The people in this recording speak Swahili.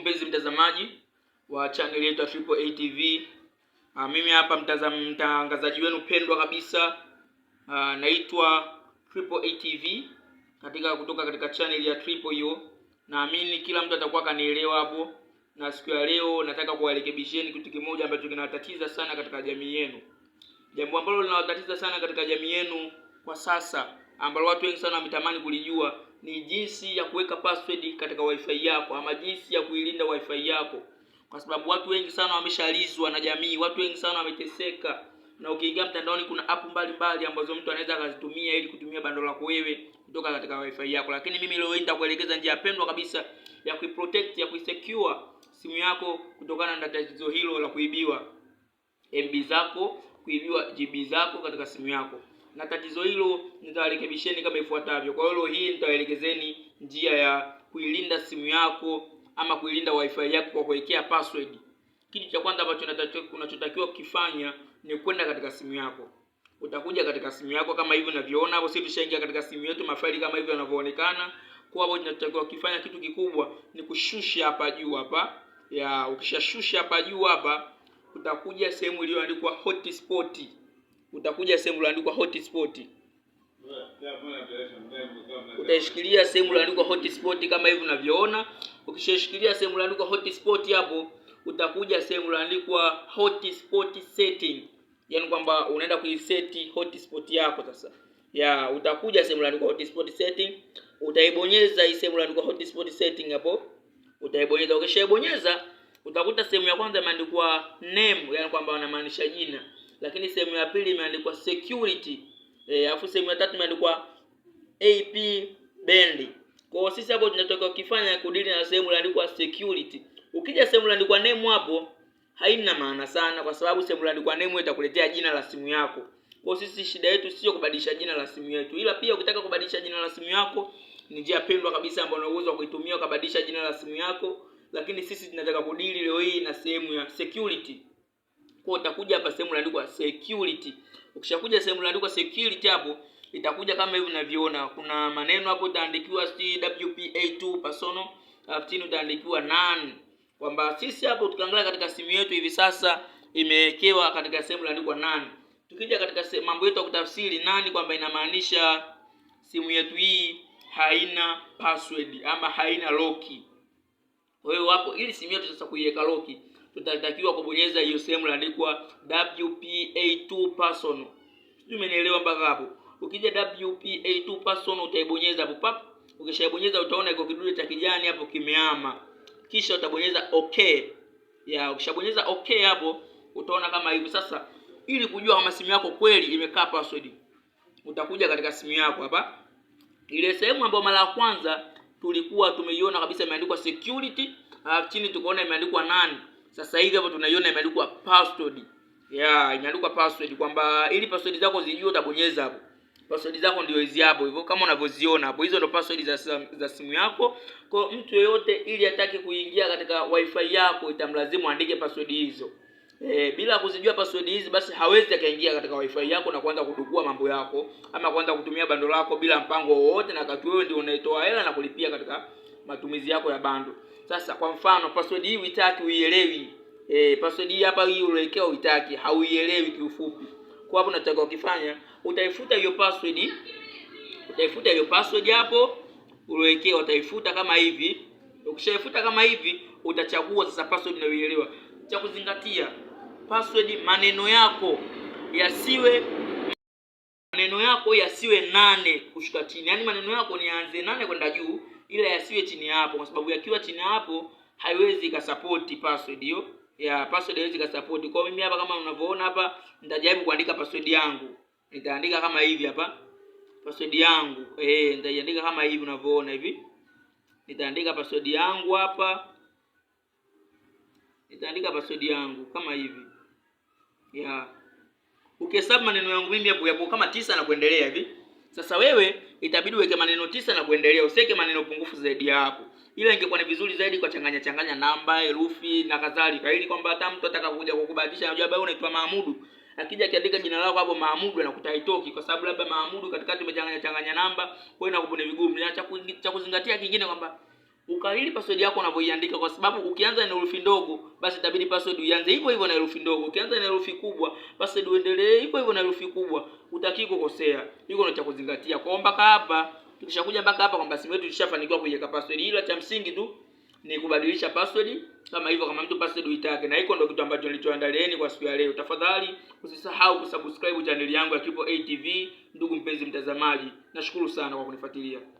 mpenzi mtazamaji wa chaneli yetu ya Triple A TV. Aa, ah, mimi hapa mtangazaji wenu pendwa kabisa aa, ah, naitwa Triple A TV katika kutoka katika chaneli ya Triple hiyo. Naamini kila mtu atakuwa kanielewa hapo, na siku ya leo nataka kuwarekebisheni kitu kimoja ambacho kinawatatiza sana katika jamii yenu, jambo ambalo linawatatiza sana katika jamii yenu kwa sasa, ambalo watu wengi sana wametamani kulijua ni jinsi ya kuweka password katika wifi yako ama jinsi ya kuilinda wifi yako, kwa sababu watu wengi sana wameshalizwa na jamii, watu wengi sana wameteseka. Na ukiingia mtandaoni, kuna app mbalimbali ambazo mtu anaweza akazitumia ili kutumia bando lako wewe kutoka katika wifi yako. Lakini mimi leo hii nitakuelekeza njia pendwa kabisa ya kuiprotect, ya kuisecure simu yako kutokana na tatizo hilo la kuibiwa MB zako, kuibiwa GB zako katika simu yako na tatizo hilo nitawarekebisheni kama ifuatavyo. Kwa hiyo hii nitawaelekezeni njia ya kuilinda simu yako ama kuilinda wifi yako kwa kuwekea password. Kitu cha kwanza ambacho unachotakiwa kukifanya ni kwenda katika simu yako. Utakuja katika simu yako kama hivi unavyoona hapo. Sisi tushaingia katika simu yetu, mafaili kama hivi yanavyoonekana. Kwa hapo tunachotakiwa kufanya kitu kikubwa ni kushusha hapa juu hapa ya, ukishashusha hapa juu hapa, utakuja sehemu iliyoandikwa hotspot utakuja sehemu iliyoandikwa hotspot, utaishikilia sehemu iliyoandikwa hotspot kama hivi unavyoona. Ukishashikilia sehemu iliyoandikwa hotspot hapo, utakuja sehemu iliyoandikwa hotspot setting, yaani kwamba unaenda kuiseti hotspot yako sasa ya utakuja sehemu iliyoandikwa hotspot setting, utaibonyeza hii sehemu iliyoandikwa hotspot setting hapo, utaibonyeza. Ukishaibonyeza utakuta sehemu ya kwanza imeandikwa name, yani kwamba wanamaanisha jina lakini sehemu ya pili imeandikwa security e, alafu sehemu ya tatu imeandikwa AP Bentley. Kwa sisi hapo tunatoka kufanya kudili na sehemu iliyoandikwa security. Ukija sehemu iliyoandikwa name hapo haina maana sana kwa sababu sehemu iliyoandikwa name itakuletea jina la simu yako. Kwa sisi shida yetu sio kubadilisha jina la simu yetu, ila pia ukitaka kubadilisha jina la simu yako ni njia pendwa kabisa ambayo unaweza kuitumia kubadilisha jina la simu yako, lakini sisi tunataka kudili leo hii na sehemu ya security. Kwa utakuja hapa sehemu imeandikwa security. Ukishakuja sehemu imeandikwa security hapo itakuja kama hivi unavyoona. Kuna maneno hapo itaandikiwa cwpa 2 personal, alafu itaandikiwa none. Kwamba sisi hapo tukiangalia katika simu yetu hivi sasa imewekewa katika sehemu imeandikwa none. Tukija katika mambo yetu ya kutafsiri none kwamba inamaanisha simu yetu hii haina password ama haina lock. Kwa hiyo hapo ili simu yetu sasa kuiweka lock tutatakiwa kubonyeza hiyo sehemu iliandikwa WPA2 personal. Sijui umenielewa mpaka hapo. Ukija WPA2 personal utaibonyeza hapo pap. Ukishaibonyeza utaona iko kidude cha kijani hapo kimeama. Kisha utabonyeza okay. Ya, ukishabonyeza okay hapo utaona kama hivi sasa. Ili kujua kama simu yako kweli imekaa password, utakuja katika simu yako hapa, ile sehemu ambayo mara ya kwanza tulikuwa tumeiona kabisa imeandikwa security, alafu ah, chini tukaona imeandikwa nani sasa hivi hapo tunaiona imeandikwa password. Yeah, imeandikwa password kwamba ili password zako zijue utabonyeza hapo. Password zako ndio hizi hapo hivyo kama unavyoziona hapo. Hizo ndio password za, za simu yako. Kwa mtu yeyote ili atake kuingia katika wifi yako itamlazimu andike password hizo. E, bila kuzijua password hizi basi hawezi akaingia katika wifi yako na kuanza kudukua mambo yako ama kuanza kutumia bando lako bila mpango wowote, na wakati wewe ndio unaitoa hela na kulipia katika matumizi yako ya bando. Sasa kwa mfano password hii uitaki, uielewi. Eh, password hii hapa hii uliwekea uitaki, hauielewi kiufupi. Kwa hapo unatakiwa kufanya, utaifuta hiyo password. Utaifuta hiyo password hapo uliwekea, utaifuta kama hivi. Ukishaifuta kama hivi, utachagua sasa password unayoielewa. Cha kuzingatia password, maneno yako yasiwe maneno yako yasiwe nane kushuka chini, yaani maneno yako nianze nane kwenda juu ila yasiwe chini ya hapo, kwa sababu yakiwa chini ya hapo haiwezi ikasapoti password hiyo ya password haiwezi ikasapoti. Kwa mimi hapa kama unavyoona hapa, nitajaribu kuandika password yangu, nitaandika kama hivi hapa password yangu eh, nitaiandika kama hivi unavyoona hivi, nitaandika password yangu hapa, nitaandika password yangu kama hivi ya Ukihesabu maneno yangu mimi hapo yapo kama tisa na kuendelea hivi sasa wewe itabidi uweke maneno tisa na kuendelea, usiweke maneno pungufu zaidi ya hapo. Ila ingekuwa ni vizuri zaidi kwa changanya changanya namba, herufi na kadhalika, ili kwamba hata mtu atakapokuja kukubadilisha anajua bado unaitwa Mahamudu. Akija akiandika jina lako hapo Mahamudu anakuta haitoki, kwa sababu labda Mahamudu katikati umechanganya changanya namba, kwa hiyo inakuwa ni vigumu. Cha kuzingatia kingine kwamba ukariri password yako unavyoiandika, kwa sababu ukianza na herufi ndogo, basi itabidi password uianze hivyo hivyo na herufi ndogo. Ukianza na herufi kubwa, password uendelee hivyo hivyo na herufi kubwa, utakii kukosea. Hiko ndio cha kuzingatia. Kwa mpaka hapa tukishakuja mpaka hapa kwamba simu yetu tushafanikiwa kuiweka password, ila cha msingi tu ni kubadilisha password kama hivyo, kama mtu password uitake. Na hiko ndio kitu ambacho nilichoandalieni kwa siku ya leo. Tafadhali usisahau kusubscribe channel yangu ya Kipo ATV. Ndugu mpenzi mtazamaji, nashukuru sana kwa kunifuatilia.